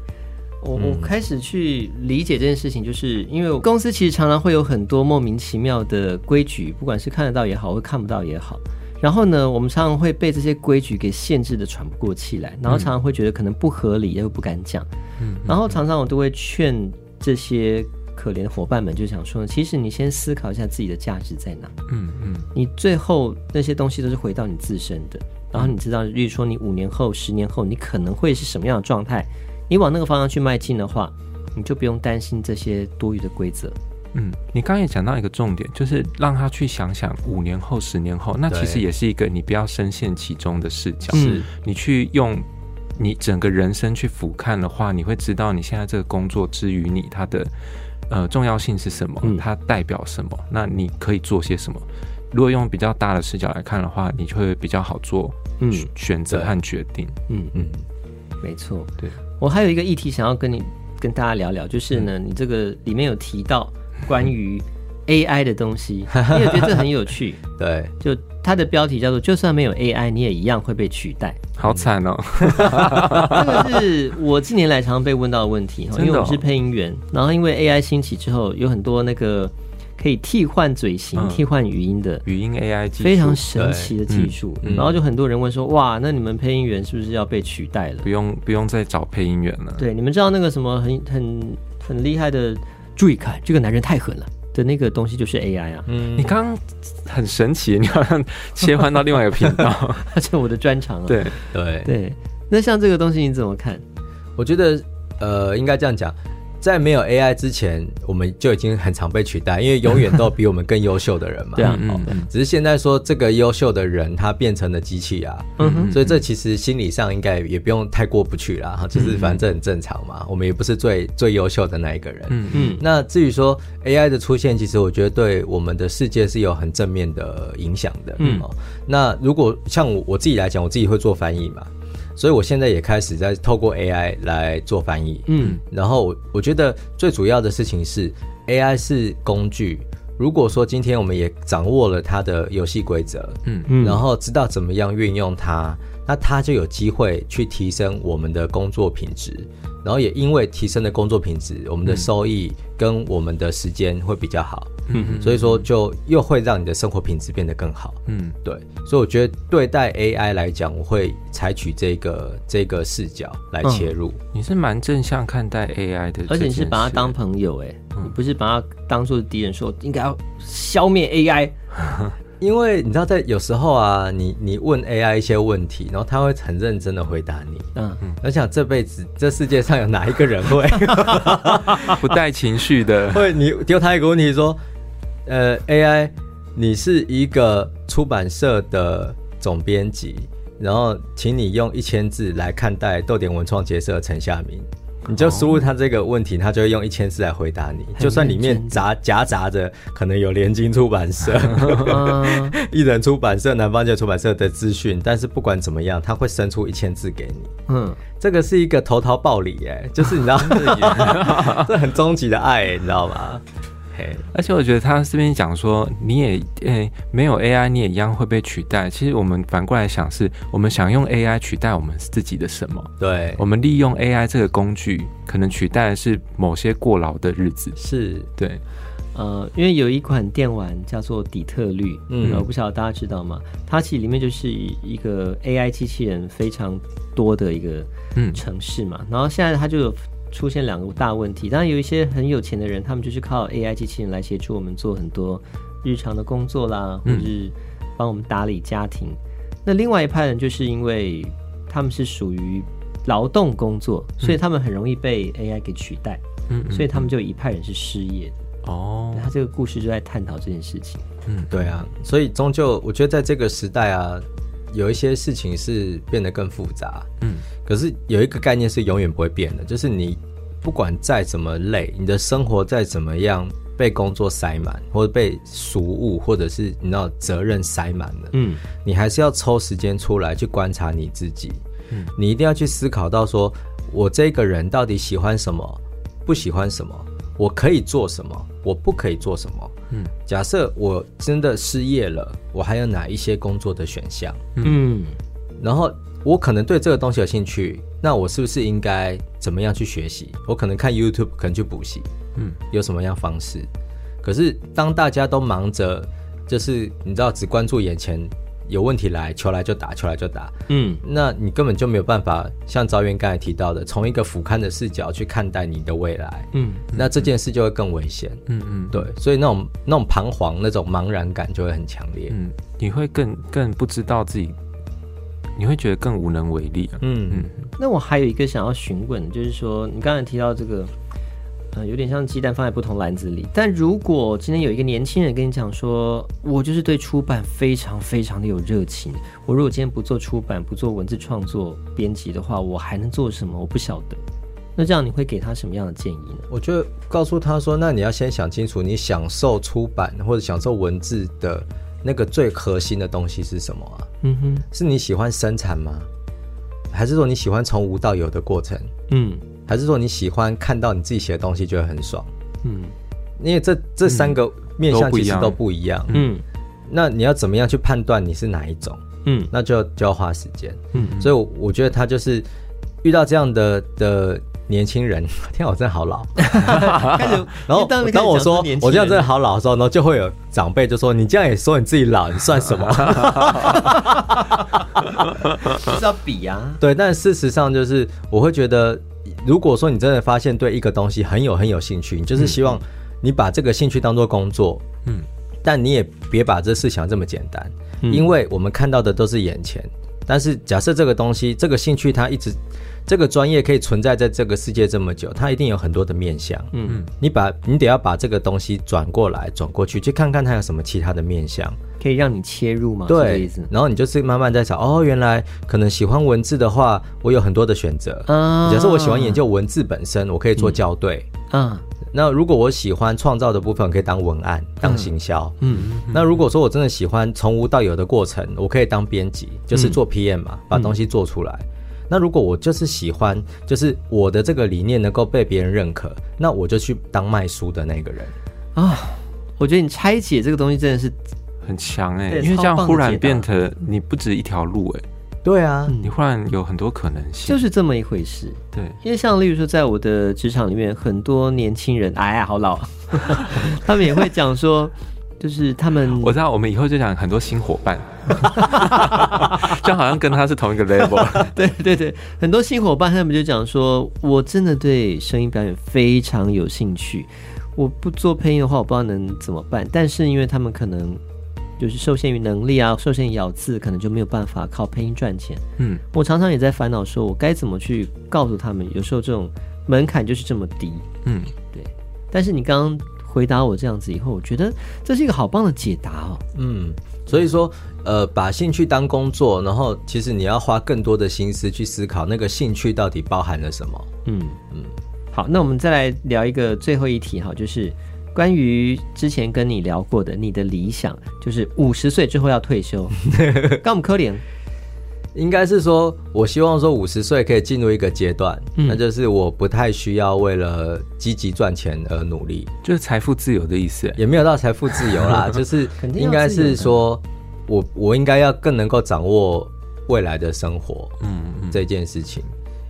我、嗯、我開始去理解這件事情，就是因為公司其實常常會有很多莫名其妙的規矩，不管是看得到也好，或看不到也好。然後呢，我們常常會被這些規矩給限制的喘不過氣來，然後常常會覺得可能不合理又不敢講，嗯。然後常常我都會勸這些。可憐的伙伴們就想說，其實你先思考一下自己的價值在哪。嗯嗯，你最後那些東西都是回到你自身的。然後你知道，例如說你五年後、十年後，你可能會是什麼樣的狀態？你往那個方向去邁進的話，你就不用擔心這些多餘的規則。嗯，你剛剛也講到一個重點，就是讓他去想想五年後、十年後，那其實也是一個你不要深陷其中的視角。是你去用你整個人生去俯瞰的話，你會知道你現在這個工作之於你它的。呃，重要性是什麼？它代表什麼？嗯？那你可以做些什麼？如果用比較大的視角來看的話，你就會比較好做選擇和決定。嗯嗯，嗯，沒錯。對，我還有一個議題想要跟你跟大家聊聊，就是呢，嗯、你這個裡面有提到關於 AI 的東西， 你也覺得這很有趣。 對，就。他的標題叫做“就算沒有 AI，你也一樣會被取代”，好慘哦！這個是我近年來常常被問到的問題，喔，哦、因為我們是配音員，然後因為 AI 興起之後，有很多那個可以替換嘴型、替換語音的、的、嗯、語音 AI 技術，非常神奇的技術，嗯嗯。然後就很多人問說：“哇，那你們配音員是不是要被取代了？不用，不用再找配音員了？”對，你們知道那個什麼很很很厲害的，注意看，這個男人太狠了。的那個東西就是 AI 啊，嗯，你剛剛很神奇，你好像切換到另外一個頻道，而 且 我的專長啊，對對對，那像這個東西你怎麼看？我覺得呃，應該這樣講。在沒有 AI 之前，我們就已經很常被取代，因為永遠都有比我們更優秀的人嘛、 對啊哦嗯嗯嗯。只是現在說這個優秀的人他變成了機器啊嗯嗯嗯嗯，所以這其實心理上應該也不用太過不去啦。就是反正這很正常嘛嗯嗯，我們也不是最最優秀的那一個人。嗯嗯。那至於說 AI 的出現，其實我覺得對我們的世界是有很正面的影響的。嗯、哦、那如果像我我自己來講，我自己會做翻譯嘛。所以，我現在也開始在透過 AI 來做翻譯。嗯，然後我覺得最主要的事情是，AI 是工具。如果說今天我們也掌握了它的遊戲規則，嗯，嗯，然後知道怎麼樣運用它，那它就有機會去提升我們的工作品質。然後也因為提升了工作品質，我們的收益，跟我們的時間會比較好，嗯，所以說就又會讓你的生活品質變得更好，嗯，對，所以我覺得對待 AI 來講，我會採取這個這個視角來切入，嗯。你是蠻正向看待 AI 的，而且你是把它當朋友，欸，哎，嗯，不是把它當做敵人說，說應該要消滅 AI。 因為你知道，在有時候啊，你你問 AI 一些問題，然後他會很認真的回答你。嗯，嗯我想這輩子這世界上有哪一個人會 不帶情緒的？會你丟他一個問題說，呃，AI，你是一個出版社的總編輯，然後請你用一千字來看待逗點文創結社陳夏民。你就輸入他這個問題，oh. 他就會用一千字來回答你。就算裡面夾夾雜着可能有聯經出版社、 一人出版社、南方界出版社的資訊，但是不管怎麼樣，他會生出一千字給你。嗯，這個是一個投桃報李，哎，就是你知道， 這很終極的愛，你知道嗎？ 而且我覺得他這邊講說，你也呃、欸、沒有 AI，你也一樣會被取代。其實我們反過來想，是我們想用 AI 取代我們自己的什麼？對，我們利用 AI 這個工具，可能取代的是某些過勞的日子。是對，呃，因為有一款電玩叫做底特律，嗯，我不曉得大家知道嗎？它其實裡面就是一個 AI 機器人非常多的一個嗯城市嘛、嗯，然後現在它就有。出現兩個大問題，當然有一些很有錢的人，他們就是靠 AI 機器人來協助我們做很多日常的工作啦，或者是幫我們打理家庭。嗯。那另外一派人就是因為他們是屬於勞動工作，所以他們很容易被 AI 給取代，嗯，所以他們就一派人是失業的。哦，嗯嗯嗯，他這個故事就在探討這件事情。嗯，對啊，所以終究我覺得在這個時代啊。有一些事情是變得更複雜，嗯，可是有一個概念是永遠不會變的，就是你不管再怎麼累，你的生活再怎麼樣被工作塞滿，或者被俗務，或者是你知道責任塞滿了，嗯，你還是要抽時間出來去觀察你自己，嗯，你一定要去思考到說，我這個人到底喜歡什麼，不喜歡什麼，我可以做什麼，我不可以做什麼。嗯，假設我真的失業了，我還有哪一些工作的選項？嗯，然後我可能對這個東西有興趣，那我是不是應該怎麼樣去學習？我可能看 YouTube，可能去補習，嗯，有什麼樣方式？可是當大家都忙着，就是你知道，只關注眼前。有問題來，求來就打，求來就打。嗯，那你根本就沒有辦法像昭淵剛才提到的，從一個俯瞰的視角去看待你的未來。嗯，嗯，那這件事就會更危險。嗯嗯，對，所以那種那種彷徨、那種茫然感就會很強烈。嗯，你會更更不知道自己，你會覺得更無能為力，啊。嗯嗯，那我還有一個想要詢問，就是說你剛才提到這個。嗯，有點像雞蛋放在不同籃子裡。但如果今天有一個年輕人跟你講說，我就是對出版非常非常的有熱情，我如果今天不做出版，不做文字創作、編輯的話，我還能做什麼？我不曉得。那這樣你會給他什麼樣的建議呢？我就告訴他說，那你要先想清楚，你享受出版或者享受文字的那個最核心的東西是什麼啊？嗯哼，是你喜歡生產嗎？還是說你喜歡從無到有的過程？嗯。還是說你喜歡看到你自己寫的東西，就會很爽？嗯，因為這這三個面向其實都不，嗯、都不一樣。嗯，那你要怎麼樣去判斷你是哪一種？嗯，那就就要花時間。嗯，嗯，所以我覺得他就是遇到這樣的的年輕人，天、啊，我真的好老。 然後當當我說我這樣真的好老的時候，然後就會有長輩就說：“你這樣也說你自己老，你算什麼？”哈 是要比呀、啊。對，但事實上就是我會覺得。如果說你真的發現對一個東西很有很有興趣，你就是希望你把這個興趣當做工作，嗯，但你也別把這事想這麼簡單、嗯、因為我們看到的都是眼前，但是假設這個東西這個興趣它一直。這個專業可以存在在這個世界這麼久，它一定有很多的面向。嗯嗯，你把你得要把這個東西轉過來轉過去，去看看它有什麼其他的面向可以讓你切入嗎？對，然後你就是慢慢在想哦，原來可能喜歡文字的話，我有很多的選擇。嗯、uh,，假設我喜歡研究文字本身，我可以做校對。嗯、uh,，那如果我喜歡創造的部分，可以當文案、當行銷。嗯，那如果說我真的喜歡從無到有的過程，我可以當編輯，就是做 PM 嘛，嗯、把東西做出來。那如果我就是喜歡，就是我的這個理念能夠被別人認可，那我就去當賣書的那個人啊！我覺得你拆解這個東西真的是很強欸，因為這樣忽然變得你不止一條路欸。對啊，你忽然有很多可能性，就是這麼一回事。對，因為像例如說，在我的職場裡面，很多年輕人哎呀好老，呵呵 他們也會講說。就是他們，我知道，我們以後就講很多新夥伴 ， 就好像跟他是同一個 level。 對對對，很多新夥伴，他們就講說，我真的對聲音表演非常有興趣。我不做配音的話，我不知道能怎麼辦。但是因為他們可能就是受限於能力啊，受限於咬字，可能就沒有辦法靠配音賺錢。嗯，我常常也在煩惱，說我該怎麼去告訴他們。有時候這種門檻就是這麼低。嗯，對。但是你剛剛。回答我這樣子以後，我覺得這是一個好棒的解答哦。嗯，所以說，呃，把興趣當工作，然後其實你要花更多的心思去思考那個興趣到底包含了什麼。嗯嗯，好，那我們再來聊一個最後一題哈，就是關於之前跟你聊過的你的理想，就是五十歲之後要退休，幹 麼科研？應該是說，我希望說五十歲可以進入一個階段，嗯，那就是我不太需要為了積極賺錢而努力，就是財富自由的意思，也沒有到財富自由啦， 就是應該是說我，我我應該要更能夠掌握未來的生活，嗯，嗯，嗯，這件事情。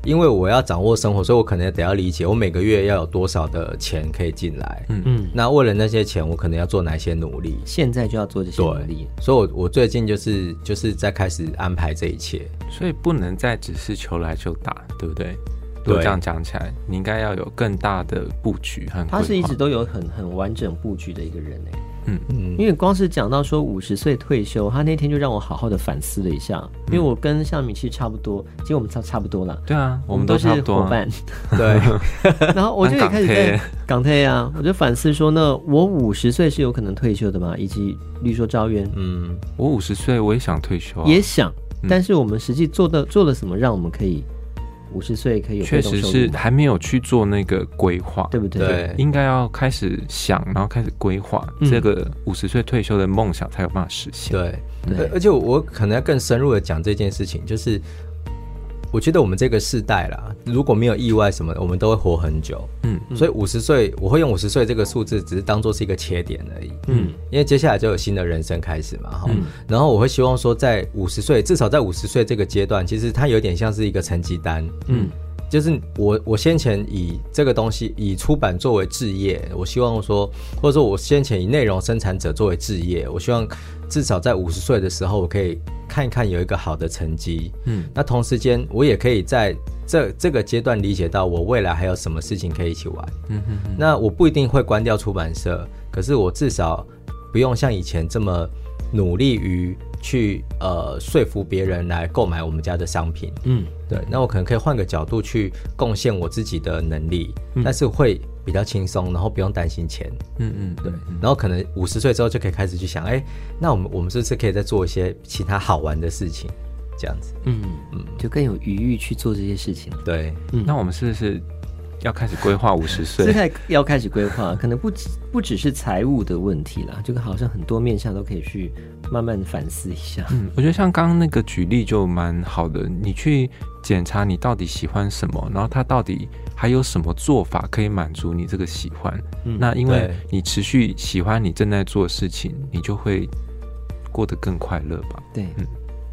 因為我要掌握生活，所以我可能得要理解，我每個月要有多少的錢可以進來。嗯嗯，那為了那些錢，我可能要做哪些努力，現在就要做這些努力。所以我，我我最近就是就是在開始安排這一切。所以不能再只是球來就打，對不對？對。這樣講起來，你應該要有更大的布局。很、他是一直都有很很完整布局的一個人欸。嗯嗯，因為光是講到說五十歲退休，他那天就讓我好好的反思了一下。因為我跟夏民其實差不多，其實我們差差不多了。對啊，我們都是夥伴。啊、對， 然後我就也開始在港退啊，我就反思說，那我五十歲是有可能退休的嘛，以及例如說昭淵，嗯，我五十歲我也想退休，啊，也想，嗯，但是我們實際做的做了什麼，讓我們可以。五十歲可以有，確實是還沒有去做那個規劃，對不對？對，應該要開始想，然後開始規劃這個五十歲退休的夢想，才有辦法實現，嗯。對，對，而且我可能要更深入的講這件事情，就是。我覺得我們這個世代啦，如果沒有意外什麼的，我們都會活很久。嗯，嗯，所以五十歲，我會用五十歲這個數字，只是當做是一個切點而已。嗯，因為接下來就有新的人生開始嘛。哈、嗯，然後我會希望說，在五十歲，至少在五十歲這個階段，其實它有點像是一個成績單。嗯。就是我，我先前以這個東西，以出版作為志業，我希望說，或者說我先前以內容生產者作為志業，我希望至少在五十歲的時候，我可以看一看，有一個好的成績。嗯,那同時間我也可以在這這個階段理解到，我未來還有什麼事情可以一起玩。嗯哼哼，那我不一定會關掉出版社，可是我至少不用像以前這麼努力於去呃說服別人來購買我們家的商品。嗯。對，那我可能可以換個角度去貢獻我自己的能力，嗯、但是會比較輕鬆，然後不用擔心錢。嗯嗯，對。然後可能五十歲之後就可以開始去想，哎、欸，那我們我們是不是可以再做一些其他好玩的事情？這樣子。嗯嗯，就更有餘裕去做這些事情。對、嗯，那我們是不是要開始規劃五十歲？ 現在要開始規劃、啊，可能不只不只是財務的問題啦，這個好像很多面向都可以去慢慢反思一下。嗯，我覺得像剛剛那個舉例就蠻好的，你去。檢查你到底喜歡什麼，然後他到底還有什麼做法可以滿足你這個喜歡、嗯？那因為你持續喜歡你正在做的事情，你就會過得更快樂吧？對，嗯、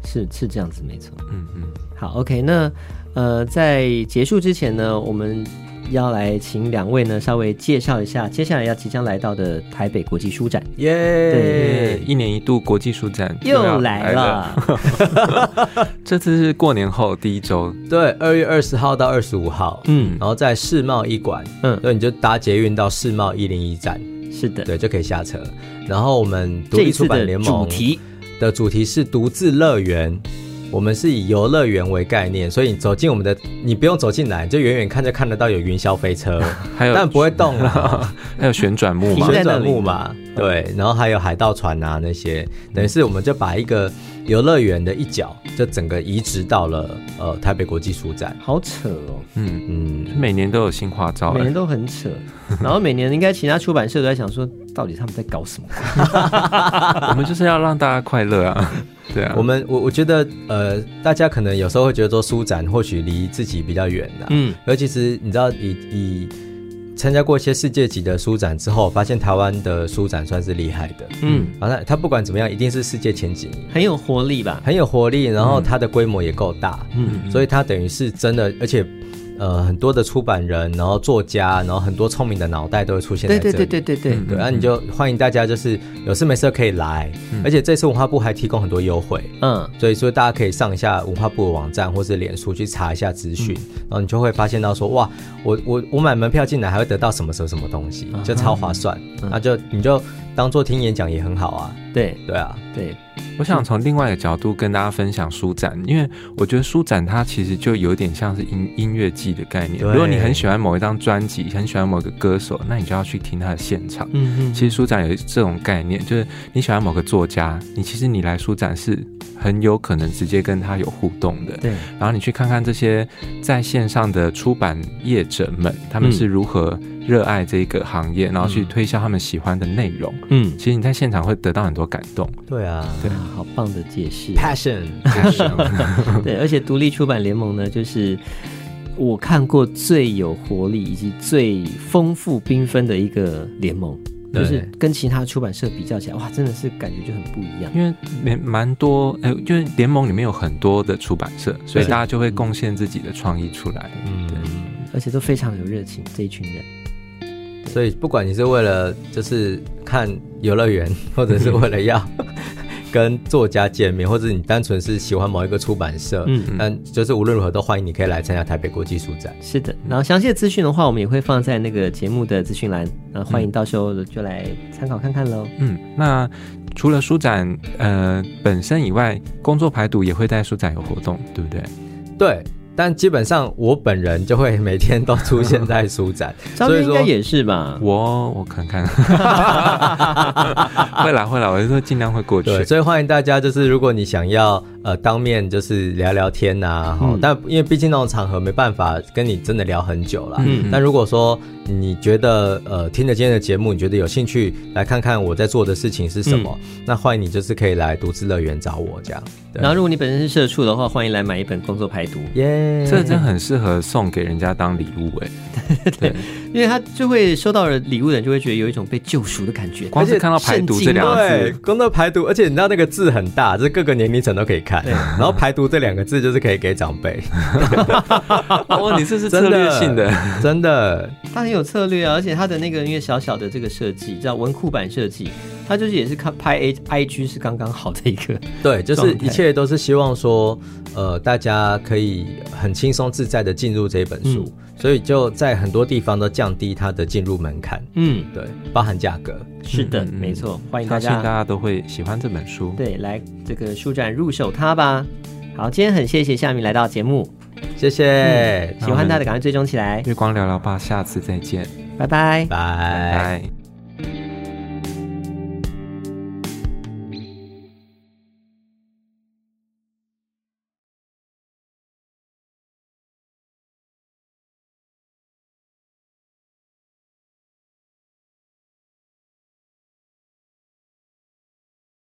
是是這樣子，沒錯。嗯嗯，好，OK，那呃，在結束之前呢，我們。要來請兩位呢，稍微介紹一下接下來要即將來到的台北國際書展，耶、yeah,！對，一年一度國際書展又來了，來了 這次是過年後第一周，對，二月二十號到二十五號，嗯，然後在世貿一館，嗯，所以你就搭捷運到世貿一零一站，是的，對，就可以下車。然後我們獨立出版聯盟主題的主題是“讀字樂園”。我們是以遊樂園為概念，所以你走進我們的，你不用走進來，就遠遠看就看得到有雲霄飛車，還有但不會動了、啊。還有旋轉木馬，旋轉木馬，對、哦，然後還有海盜船啊那些，等於是我們就把一個。遊樂園的一角，就整個移植到了呃台北國際書展，好扯哦。嗯嗯，每年都有新花招，欸，每年都很扯。然後每年應該其他出版社都在想說，到底他們在搞什麼？ 我們就是要讓大家快樂啊。對啊，我們我我覺得呃，大家可能有時候會覺得說書展或許離自己比較遠的，啊，嗯，尤其是你知道以以。參加過一些世界級的書展之後，發現台灣的書展算是厲害的。嗯，好像它不管怎麼樣，一定是世界前幾名，很有活力吧？很有活力，然後它的規模也夠大，嗯，所以它等於是真的，而且。呃，很多的出版人，然後作家，然後很多聰明的腦袋都會出現在這裡。對對對對對對。嗯、對，那、啊、你就歡迎大家，就是有事沒事可以來、嗯。而且這次文化部還提供很多優惠，嗯，所以說大家可以上一下文化部的網站或是臉書去查一下資訊，嗯、然後你就會發現到說，哇，我我我買門票進來還會得到什麼什麼什麼東西，就超划算，嗯、那就你就。當做聽演講也很好啊，對對啊，對。我想從另外一個角度跟大家分享書展，因為我覺得書展它其實就有點像是音音樂季的概念。如果你很喜歡某一張專輯，很喜歡某個歌手，那你就要去聽他的現場。嗯嗯。其實書展有這種概念，就是你喜歡某個作家，你其實你來書展是很有可能直接跟他有互動的。對。然後你去看看這些在線上的出版業者們，他們是如何、嗯。熱愛這個行業，然後去推銷他們喜歡的內容。嗯，其實你在現場會得到很多感動。對、嗯、啊，對啊，好棒的解釋。Passion，passion 對，而且獨立出版聯盟呢，就是我看過最有活力以及最豐富繽紛的一個聯盟。就是跟其他出版社比較起來，哇，真的是感覺就很不一樣。因為蠻蠻多，哎、欸，就是聯盟裡面有很多的出版社，所以大家就會貢獻自己的創意出來。嗯，對，而且都非常有熱情這一群人。所以，不管你是為了就是看遊樂園，或者是為了要跟作家見面，或者你單純是喜歡某一個出版社，嗯嗯，但就是無論如何都歡迎你可以來參加台北國際書展。是的，然後詳細的資訊的話，我們也會放在那個節目的資訊欄，啊，歡迎到時候就來參考看看嘍。嗯，那除了書展，呃，本身以外，工作排毒也會在書展有活動，對不對？對。但基本上我本人就會每天都出現在書展，所 以應該也是吧？我我看看， 會來會來，我就說盡量會過去。所以歡迎大家，就是如果你想要。呃，當面就是聊聊天吶、啊，哈、嗯，但因為畢竟那種場合沒辦法跟你真的聊很久啦。嗯。但如果說你覺得呃，聽着今天的節目，你覺得有興趣來看看我在做的事情是什麼，嗯、那歡迎你就是可以來讀字樂園找我這樣。然後如果你本身是社畜的話，歡迎來買一本《工作排毒》yeah，這真的很適合送給人家當禮物哎、欸。 對。因為他就會收到禮物的人就會覺得有一種被救贖的感覺，光是看到排毒這兩個字，光到排毒，對，光是排毒，而且你知道那個字很大，這、就是、各個年齡層都可以看對。然後排毒這兩個字就是可以給長輩。 哦，你這是策略性的，真的，真的他很有策略啊！而且他的那個因為小小的這個設計叫文庫版設計。他就是也是看拍 IG 是剛剛好的一個，對，就是一切都是希望說，呃，大家可以很輕鬆自在的進入這本書，嗯，所以就在很多地方都降低它的進入門檻，嗯，對，包含價格，是的，嗯嗯嗯沒錯，歡迎大家，大家都會喜歡這本書，對，來這個書展入手它吧。好，今天很謝謝夏民來到節目，謝謝，嗯、喜歡他的趕快追蹤起來，月光聊聊 BAR，下次再見，拜拜，拜拜。